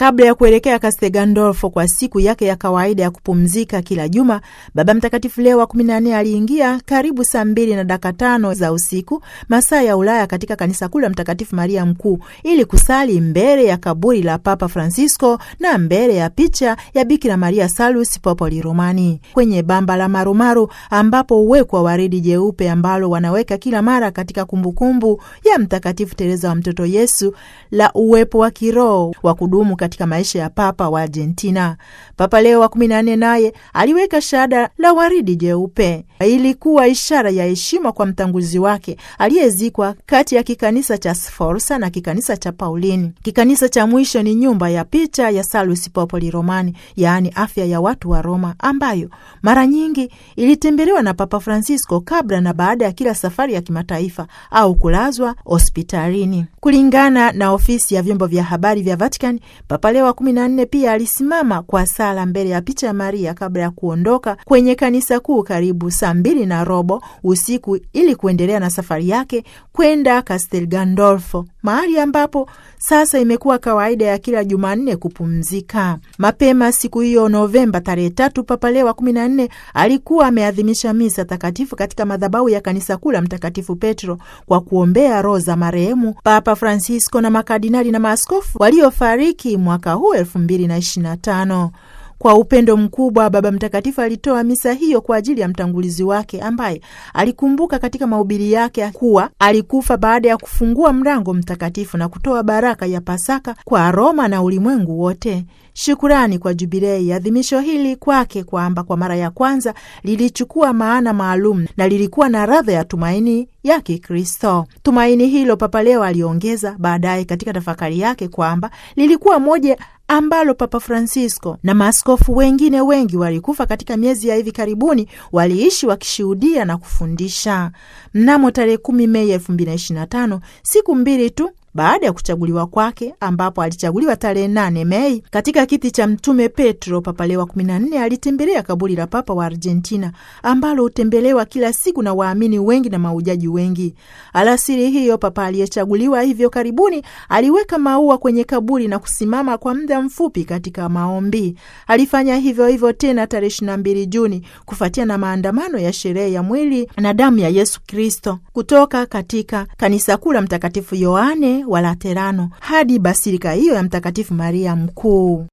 Kabla ya kuelekea Castel Gandolfo kwa siku yake ya kawaida ya kupumzika kila juma, Baba Mtakatifu Leo wa 14 aliingia karibu saa mbili na dakika tano za usiku masaa ya Ulaya katika kanisa kuu la Mtakatifu Maria Mkuu ili kusali mbele ya kaburi la Papa Francisco na mbele ya picha ya Bikira Maria Salus Popoli Romani kwenye bamba la marumaru, ambapo uwekwa waridi jeupe ambalo wanaweka kila mara katika kumbukumbu ya Mtakatifu Teresa wa Mtoto Yesu la uwepo wa kiroho wa kudumu katika maisha ya papa wa Argentina. Papa Leo wa kumi na nne naye aliweka shahada la waridi jeupe. Ilikuwa ishara ya heshima kwa mtanguzi wake aliyezikwa kati ya kikanisa cha Sforza na kikanisa cha Paulini. Kikanisa cha mwisho ni nyumba ya picha ya Salus popoli Romani, yaani afya ya watu wa Roma, ambayo mara nyingi ilitembelewa na Papa Francisco kabla na baada ya kila safari ya kimataifa au kulazwa hospitalini, kulingana na ofisi ya vyombo vya habari vya Vatican. Papa Leo wa kumi na nne pia alisimama kwa sala mbele ya picha ya Maria kabla ya kuondoka kwenye kanisa kuu karibu saa mbili na robo usiku ili kuendelea na safari yake kwenda Castel Gandolfo, mahali ambapo sasa imekuwa kawaida ya kila Jumanne kupumzika. Mapema siku hiyo Novemba tarehe tatu, Papa Leo wa kumi na nne alikuwa ameadhimisha misa takatifu katika madhabahu ya kanisa kuu la Mtakatifu Petro kwa kuombea roho za marehemu Papa Francisco na makardinali na maaskofu waliofariki mwaka huu 2025. Kwa upendo mkubwa, Baba Mtakatifu alitoa misa hiyo kwa ajili ya mtangulizi wake ambaye alikumbuka katika mahubiri yake kuwa alikufa baada ya kufungua mlango mtakatifu na kutoa baraka ya Pasaka kwa Roma na ulimwengu wote. Shukurani kwa Jubilei adhimisho hili kwake, kwamba kwa mara ya kwanza lilichukua maana maalum na lilikuwa na radha ya tumaini ya Kikristo. Tumaini hilo, Papa leo aliongeza baadaye katika tafakari yake kwamba lilikuwa moja ambalo Papa Francisco na maaskofu wengine wengi walikufa katika miezi ya hivi karibuni waliishi wakishuhudia na kufundisha. Mnamo tarehe kumi Mei tano, siku mbili tu baada ya kuchaguliwa kwake, ambapo alichaguliwa tarehe 8 Mei katika kiti cha Mtume Petro. Papa Leo wa 14 alitembelea kaburi la papa wa Argentina ambalo hutembelewa kila siku na waamini wengi na maujaji wengi. Alasiri hiyo papa aliyechaguliwa hivyo karibuni aliweka maua kwenye kaburi na kusimama kwa muda mfupi katika maombi. Alifanya hivyo hivyo tena tarehe 22 Juni kufuatia na maandamano ya sherehe ya mwili na damu ya Yesu Kristo kutoka katika kanisa kuu la Mtakatifu Yohane wa Walaterano hadi basilika hiyo ya Mtakatifu Maria Mkuu.